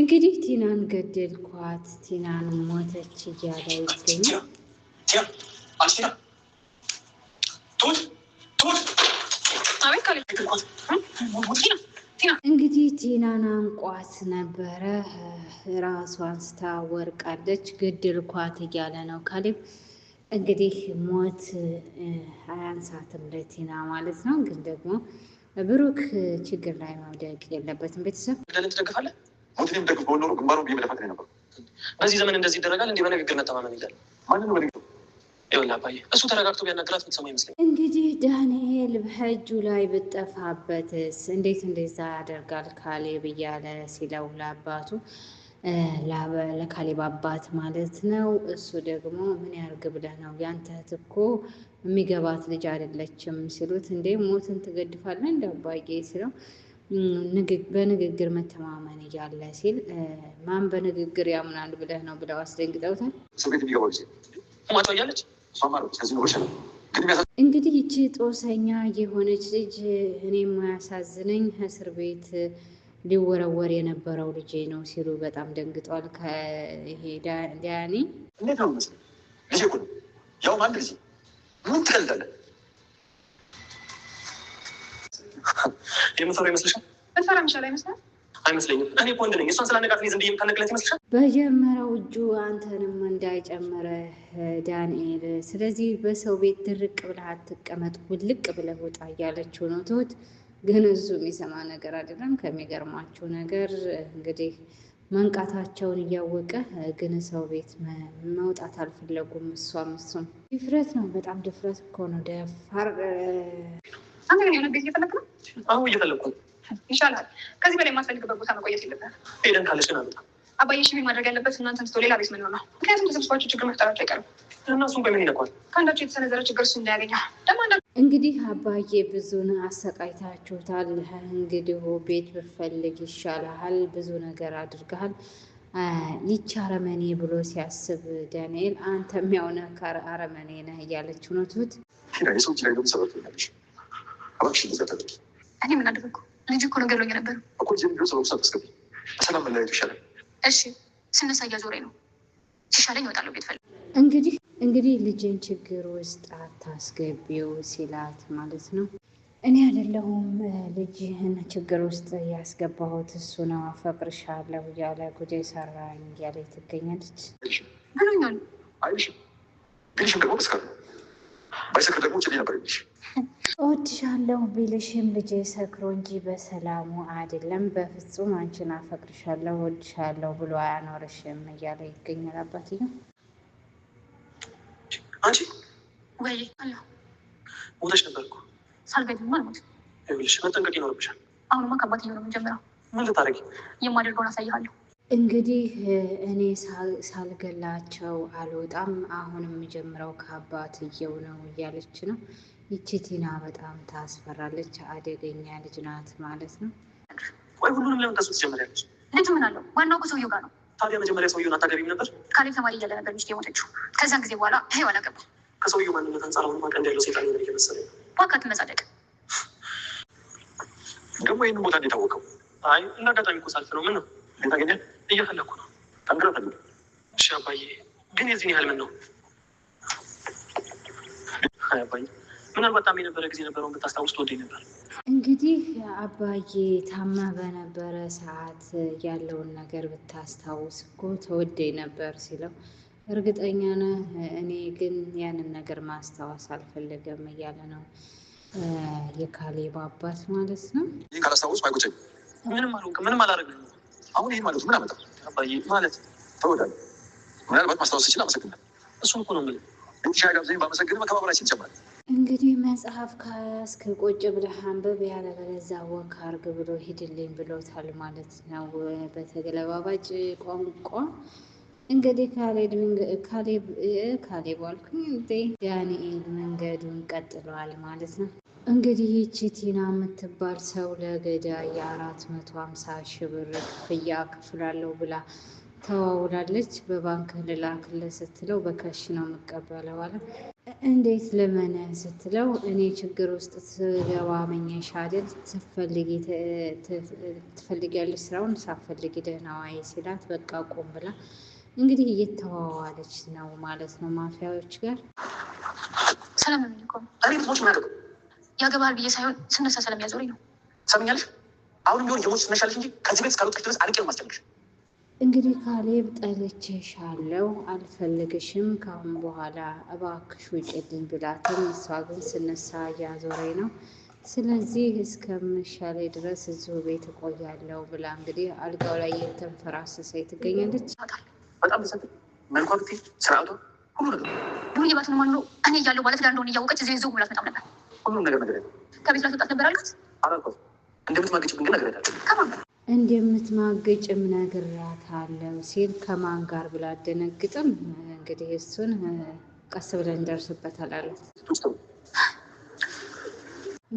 እንግዲህ ቲናን ገደልኳት፣ ቲናን ሞተች እያለ ይገኛል። እንግዲህ ቲናን አንቋት ነበረ፣ ራሷን ስታ ወርቃለች። ገደልኳት እያለ ነው ካሌብ። እንግዲህ ሞት አያንሳትም ለቲና ማለት ነው። ግን ደግሞ ብሩክ ችግር ላይ መውደቅ የለበትም ቤተሰብ ፑቲን የሚደግፍ በሆን ኖሮ ግንባሩ ብዬ መደፋት ነበር። በዚህ ዘመን እንደዚህ ይደረጋል። እንዲህ በንግግር መተማመን ይላል ማንንም በንግግር እሱ ተረጋግቶ ቢያናግራት ምትሰማ ይመስለኝ። እንግዲህ ዳንኤል በእጁ ላይ ብጠፋበትስ እንዴት እንደዛ ያደርጋል ካሌብ እያለ ሲለው ለአባቱ ለካሌብ አባት ማለት ነው። እሱ ደግሞ ምን ያርግ ብለህ ነው ያንተ ትኮ የሚገባት ልጅ አይደለችም ሲሉት እንዴ ሞትን ትገድፋለህ እንደ አባዬ ሲለው በንግግር መተማመን እያለ ሲል ማን በንግግር ያምናል ብለህ ነው ብለው አስደንግጠውታል። እንግዲህ ይቺ ጦሰኛ የሆነች ልጅ እኔ የማያሳዝነኝ እስር ቤት ሊወረወር የነበረው ልጄ ነው ሲሉ በጣም ደንግጧል። ይሄ ዳያኔ ያው አንድ ጊዜ ምን ትቀልዳለህ? የምትሰራ ይመስልሻል? አይመስላል አይመስለኝም። እኔ ወንድ ነኝ። እሷን ስላነቃት ዝም ብዬ ይመስልሻል? በጀመረው እጁ አንተንም እንዳይጨመረ ዳንኤል። ስለዚህ በሰው ቤት ድርቅ ብለህ አትቀመጥ፣ ውልቅ ብለህ ውጣ እያለችው ነው ትሁት። ግን እሱ የሚሰማ ነገር አይደለም። ከሚገርማቸው ነገር እንግዲህ መንቃታቸውን እያወቀ ግን ሰው ቤት መውጣት አልፈለጉም። እሷም እሱም ድፍረት ነው። በጣም ድፍረት እኮ ነው። ደፋር አንተ የሆነ ቤት እየፈለክ ነው? አሁን እየፈለኩ ነው። ይሻላል። ከዚህ በላይ የማትፈልግበት ቦታ መቆየት የለብህም። ሄደን ካለሽን አሉታ አባዬ ሽቢ ማድረግ ያለበት እናንተን ስቶ ሌላ ቤት ምን ሆናል? ምክንያቱም ተሰብስባችሁ ችግር መፍጠራቸው አይቀርም። እነሱም በምን ይነኳል? ከአንዳቸው የተሰነዘረ ችግር እሱ እንዳያገኛል። ደግሞ እንግዲህ አባዬ ብዙን አሰቃይታችሁታል። እንግዲህ ቤት ብፈልግ ይሻልሃል፣ ብዙ ነገር አድርገሃል። ይቺ አረመኔ ብሎ ሲያስብ ዳንኤል አንተም ያው ነህ አረመኔ ነህ እያለችው ነው ትሁት አባክሽ እንደዚያ ታደርጊ። እኔ ምን አደረግኩ? ልጅ እኮ ነው ገሎኝ ነበር እኮ ዚህም ቢሆን ሰበብ ሳታስገቢ ሰላም መለያየቱ ይሻላል። እሺ ስነሳ እያዞረኝ ነው። ሲሻለኝ እወጣለሁ። ቤት ፈልግ እንግዲህ እንግዲህ ልጅን ችግር ውስጥ አታስገቢው ሲላት ማለት ነው። እኔ አይደለሁም ልጅህን ችግር ውስጥ ያስገባሁት እሱ ነው፣ አፈቅርሻለሁ እያለ ጉዴ ሰራኝ እያለ ትገኛለች። ብሎኛል አይሽ ግንሽ ደግሞ ስካ ባይሰክር ደግሞ ችል ነበር ይልሽ እወድሻለሁ ቢልሽም ልጄ ሰክሮ እንጂ በሰላሙ አይደለም። በፍጹም አንቺን አፈቅርሻለሁ እወድሻለሁ ብሎ አያኖርሽም እያለ ይገኛል። አባትዬው አንቺ ወይ ሞተሽ ነበር እኮ ነው። ይኸውልሽ መጠንቀቅ ይኖርብሻል። አሁንማ ነው ምን ልታደርጊ? የማደርገውን አሳይሃለሁ። እንግዲህ እኔ ሳልገላቸው አልወጣም። አሁን የምጀምረው ከአባትየው ነው እያለች ነው ይቺ ቲና በጣም ታስፈራለች። አደገኛ ልጅ ናት ማለት ነው። ወይ ሁሉንም ለምን ከሱ ትጀምሪያለች? ልጁ ምን አለው? ዋናው እኮ ሰውየው ጋር ነው። ታዲያ መጀመሪያ ሰውየውን አታገቢም ነበር? ካሌብ ተማሪ እያለ ነበር ሚስቱ የሞተችው። ከዚያን ጊዜ በኋላ ሔዋን አገባ። ከሰውየው ማንነት አንጻር አሁን ማቀ ያለው ሴጣን ሆነ እየመሰለኝ ነው። እባክህ አትመጻደቅ። ደግሞ ይህን ቦታ እንደታወቀው? አይ እንደ አጋጣሚ እኮ ሳልፍ ነው። ምን ነው ታገኛል? እየፈለግኩ ነው። ጠንግረ ፈለ እሺ አባዬ፣ ግን የዚህን ያህል ምን ነው አባዬ ምናልባት በጣም የነበረ ጊዜ ነበረውን ብታስታውስ ትወደኝ ነበር። እንግዲህ አባዬ ታማ በነበረ ሰዓት ያለውን ነገር ብታስታውስ እኮ ተወደኝ ነበር ሲለው እርግጠኛ ነህ? እኔ ግን ያንን ነገር ማስታወስ አልፈለገም እያለ ነው የካሌብ አባት ማለት ነው። ይህን ካላስታወስ አይጎቸኝ ምንም አልሆንክም፣ ምንም አላደረግንም። አሁን ይህ ማለት ምን አመጣ አባዬ ማለት ተወዳጅ ምናልባት ማስታወስ ስችል አመሰግናለሁ። እሱን እኮ ነው የምልህ ሻ ጋብዘኝ ባመሰግን መከባበራችን ይጨምራል። እንግዲህ መጽሐፍ ከያዝክ ቁጭ ብለህ አንብብ፣ ያለበለዚያ ወክ አርግ ብሎ ሂድልኝ ብሎታል ማለት ነው በተገለባባጭ ቋንቋ። እንግዲህ ካሌብ ካሌብ አልኩኝ እንዴ ዳንኤል መንገዱን ቀጥሏል ማለት ነው። እንግዲህ ይቺ ቲና የምትባል ሰው ለገዳይ የአራት መቶ ሀምሳ ሺህ ብር ክፍያ ክፍላለሁ ብላ ተዋውላለች። በባንክ ልላክልህ ስትለው በካሽ ነው የምቀበለው አለ። እንዴት ልመነ ስትለው እኔ ችግር ውስጥ ስገባ መኘሽ አይደል ትፈልጊያለሽ ስራውን ሳፈልጊ ደህና ዋይ ሲላት በቃ ቆም ብላ እንግዲህ እየተዋዋለች ነው ማለት ነው ማፊያዎች ጋር ስለምንቆም ሪትሞች ምናደርገ ያገባል ብዬ ሳይሆን ስነሳ ስለሚያዞረኝ ነው ሰምኛለሽ አሁንም ቢሆን የሞች ስነሻለሽ እንጂ ከዚህ ቤት እስካልወጣሽ ድረስ አንቄ ነው ማስጨንቅሽ እንግዲህ ካሌብ ጠልቼሻለሁ፣ አልፈልግሽም፣ ካሁን በኋላ እባክሽ ውጭልኝ ብላትም እሷ ግን ስነሳ እያዞሬ ነው፣ ስለዚህ እስከምሻሌ ድረስ እዚሁ ቤት እቆያለሁ ብላ እንግዲህ አልጋው ላይ የተንፈራሰሰ ትገኛለች። እኔ እያለሁ ነበር። ነገር ነገር ነገር እንደምትማግጭም ነግሬያታለሁ ሲል ከማን ጋር ብላ አደነግጥም። እንግዲህ እሱን ቀስ ብለን እንደርስበታል አላት።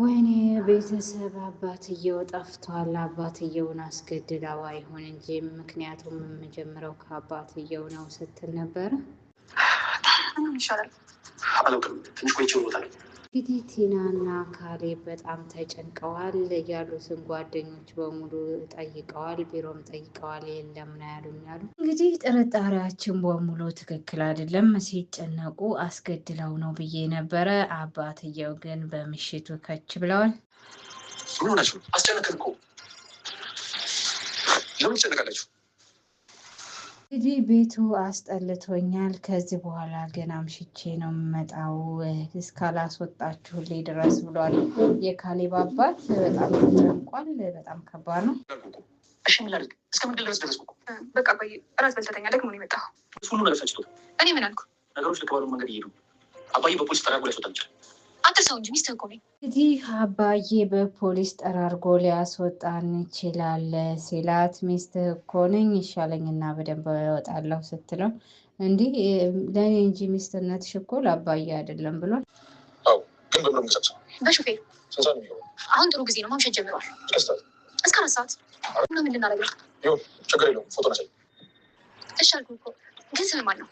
ወይኔ ቤተሰብ አባትየው ጠፍቷል። አባትየውን አስገድዳው አይሆን እንጂ ምክንያቱም የምጀምረው ከአባትየው ነው ስትል ነበረ። ይሻላል ትንሽ ቆይቼ እንግዲህ እና ካሌ በጣም ተጨንቀዋል። ያሉትን ጓደኞች በሙሉ ጠይቀዋል፣ ቢሮም ጠይቀዋል። የለም ነው ያሉኝ አሉ። እንግዲህ ጥርጣሬያችን በሙሉ ትክክል አይደለም፣ ሲጨነቁ አስገድለው ነው ብዬ ነበረ። አባትየው ግን በምሽቱ ከች ብለዋል። አስጨነቅን እኮ ለምን ትጨነቃላችሁ? እንግዲህ ቤቱ አስጠልቶኛል። ከዚህ በኋላ ገና አምሽቼ ነው የምመጣው እስካላስወጣችሁልኝ ድረስ ብሏል የካሌብ አባት። በጣም ጠንቋል። በጣም ከባድ ነው። እሺ እስከ ድረስ ደረስኩ? በቃ ቆይ፣ በልተተኛ ደግሞ ነው የመጣሁ። ሁሉ ነገር እኔ ምን አልኩ? ነገሮች ልክ መንገድ እየሄዱ አባዬ በፖሊስ ጠራጎ ሊያስወጣ ይችላል። አንተ ሰው እንጂ ሚስት እኮ ነኝ። እንግዲህ አባዬ በፖሊስ ጠራርጎ ሊያስወጣን ይችላል ሲላት ሚስትህ እኮ ነኝ ይሻለኝና በደንብ ያወጣለሁ ስትለው እንዲህ ለእኔ እንጂ ሚስትነትሽ እኮ ለአባዬ አይደለም ብሏል። በሹፌር አሁን ጥሩ ጊዜ ነው። ማምሸት ጀምሯል። እስከ አራት ሰዓት ምን ልናደርግ? ችግር የለውም ፎቶ ነሳኝ። እሺ አልኩህ እኮ ግን ስም ማን ነው?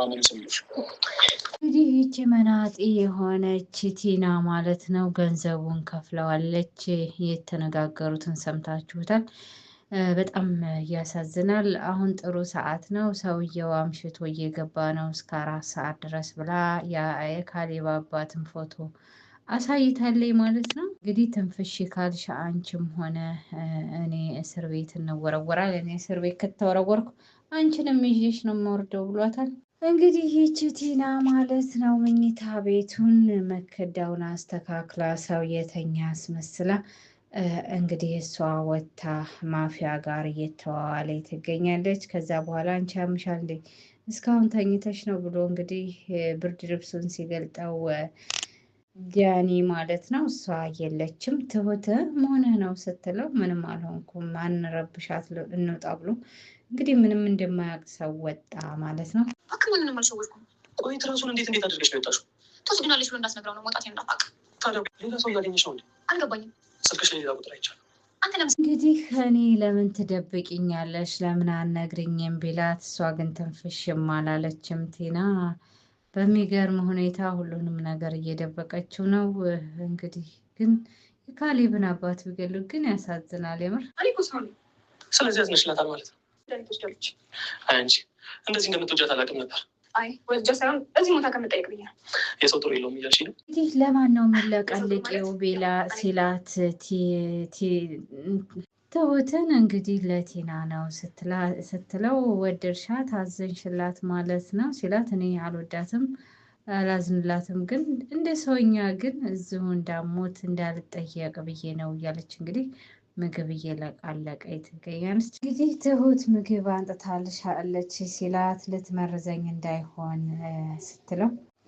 እንግዲህ ይቺ መናጢ የሆነች ቲና ማለት ነው ገንዘቡን ከፍለዋለች። የተነጋገሩትን ሰምታችሁታል። በጣም ያሳዝናል። አሁን ጥሩ ሰዓት ነው። ሰውየው አምሽቶ እየገባ ነው እስከ አራት ሰዓት ድረስ ብላ የካሌብ አባትን ፎቶ አሳይታለይ ማለት ነው። እንግዲህ ትንፍሽ ካልሽ አንቺም ሆነ እኔ እስር ቤት እንወረወራል። እኔ እስር ቤት ከተወረወርኩ አንቺንም ይዤሽ ነው የምወርደው ብሏታል። እንግዲህ ይች ቲና ማለት ነው መኝታ ቤቱን መከዳውን አስተካክላ ሰው የተኛ አስመስላ እንግዲህ እሷ ወታ ማፊያ ጋር እየተዋዋለ ትገኛለች። ከዛ በኋላ አንቺ ያምሻል እንዴ እስካሁን ተኝተች ነው ብሎ እንግዲህ ብርድ ልብሱን ሲገልጠው ጃኒ ማለት ነው። እሷ የለችም ትሁት መሆነ ነው ስትለው ምንም አልሆንኩም ማንረብሻት እንውጣ ብሎ እንግዲህ ምንም እንደማያውቅ ሰው ወጣ ማለት ነው። ምንም ቆይ ትራሱን እንዴት እንዴት አድርገሽ ነው የወጣሽው? ብሎ ነው መውጣት የምናፋቅ ሌላ ሰው እያገኘሽ ነው። አልገባኝም። ስልክሽ ሌላ ቁጥር አይቻልም እንግዲህ እኔ ለምን ትደብቅኛለሽ? ለምን አነግርኝም ቢላት እሷ ግን ትንፍሽም አላለችም ቲና በሚገርም ሁኔታ ሁሉንም ነገር እየደበቀችው ነው። እንግዲህ ግን የካሌብን አባት ቢገሉ ግን ያሳዝናል። የምር ስለዚህ ያዝነሽላታል ማለት ነው። አንቺ እንደዚህ እንደምትወጃት አላውቅም ነበር። አይ ነው። የሰው ጥሩ እንግዲህ ለማን ነው የምለቀልቄው ቤላ ሲላት ትሁትን እንግዲህ ለቲና ነው ስትለው ወደድሻት አዘንሽላት ማለት ነው ሲላት፣ እኔ አልወዳትም አላዝንላትም፣ ግን እንደ ሰውኛ ግን እዚሁ እንዳሞት እንዳልጠየቅ ብዬ ነው እያለች እንግዲህ ምግብ እየለቃለቀ ትገኛለች። እንግዲህ ትሁት ምግብ አንጥታልሻለች ሲላት፣ ልትመርዘኝ እንዳይሆን ስትለው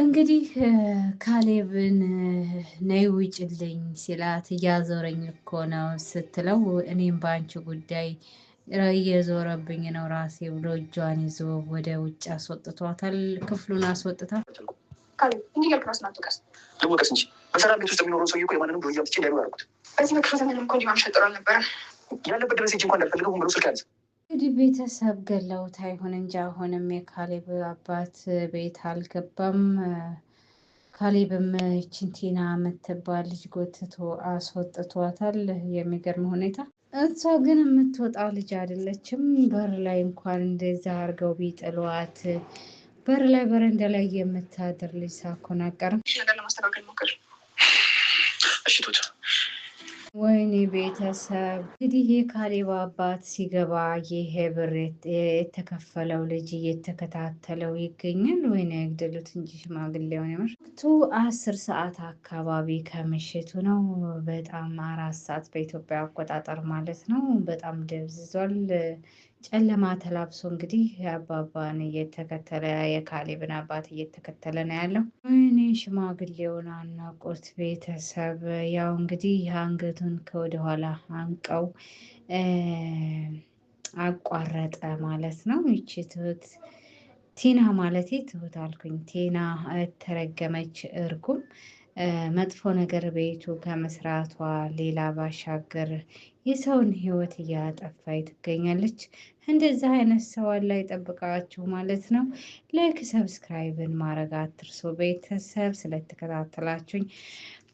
እንግዲህ ካሌብን ነይ ውጭልኝ ሲላት እያዞረኝ እኮ ነው ስትለው እኔም በአንቺ ጉዳይ እየዞረብኝ ነው ራሴ ብሎ እጇን ይዞ ወደ ውጭ አስወጥቷታል። ክፍሉን አስወጥታል። ያለበት ድረስ እጅ እንኳን እንዳልፈልገው ብሎ ስልክ ያዘ። እንግዲህ ቤተሰብ ገለውት ይሁን እንጂ አሁንም የካሌብ አባት ቤት አልገባም። ካሌብም ይችን ቲና የምትባል ልጅ ጎትቶ አስወጥቷታል። የሚገርም ሁኔታ እሷ ግን የምትወጣ ልጅ አይደለችም። በር ላይ እንኳን እንደዛ አድርገው ቢጥሏት በር ላይ በረንዳ ላይ የምታድር ልጅ ሳኮን አቀርም ወይኔ ቤተሰብ እንግዲህ የካሌብ አባት ሲገባ ይሄ ብር የተከፈለው ልጅ እየተከታተለው ይገኛል። ወይኔ ያግደሉት እንጂ ሽማግሌውን የምር ቱ አስር ሰዓት አካባቢ ከምሽቱ ነው። በጣም አራት ሰዓት በኢትዮጵያ አቆጣጠር ማለት ነው። በጣም ደብዝዟል። ጨለማ ተላብሶ እንግዲህ አባባን እየተከተለ የካሌብን አባት እየተከተለ ነው ያለው። ወይኔ ሽማግሌውን አናቁት ቤተሰብ። ያው እንግዲህ አንገቱን ከወደኋላ አንቀው አቋረጠ ማለት ነው። ይቺ ትሁት ቲና ማለት ትሁት አልኩኝ። ቲና ተረገመች እርጉም መጥፎ ነገር ቤቱ ከመስራቷ ሌላ ባሻገር የሰውን ህይወት እያጠፋይ ትገኛለች። እንደዚህ አይነት ሰው ላይ ጠብቃችሁ ማለት ነው። ላይክ ሰብስክራይብን ማድረግ አትርሶ። ቤተሰብ ስለተከታተላችሁኝ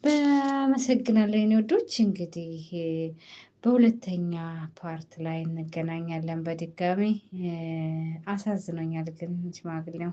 በመሰግናለኝ ወዶች እንግዲህ በሁለተኛ ፓርት ላይ እንገናኛለን። በድጋሚ አሳዝኖኛል ግን ሽማግሌው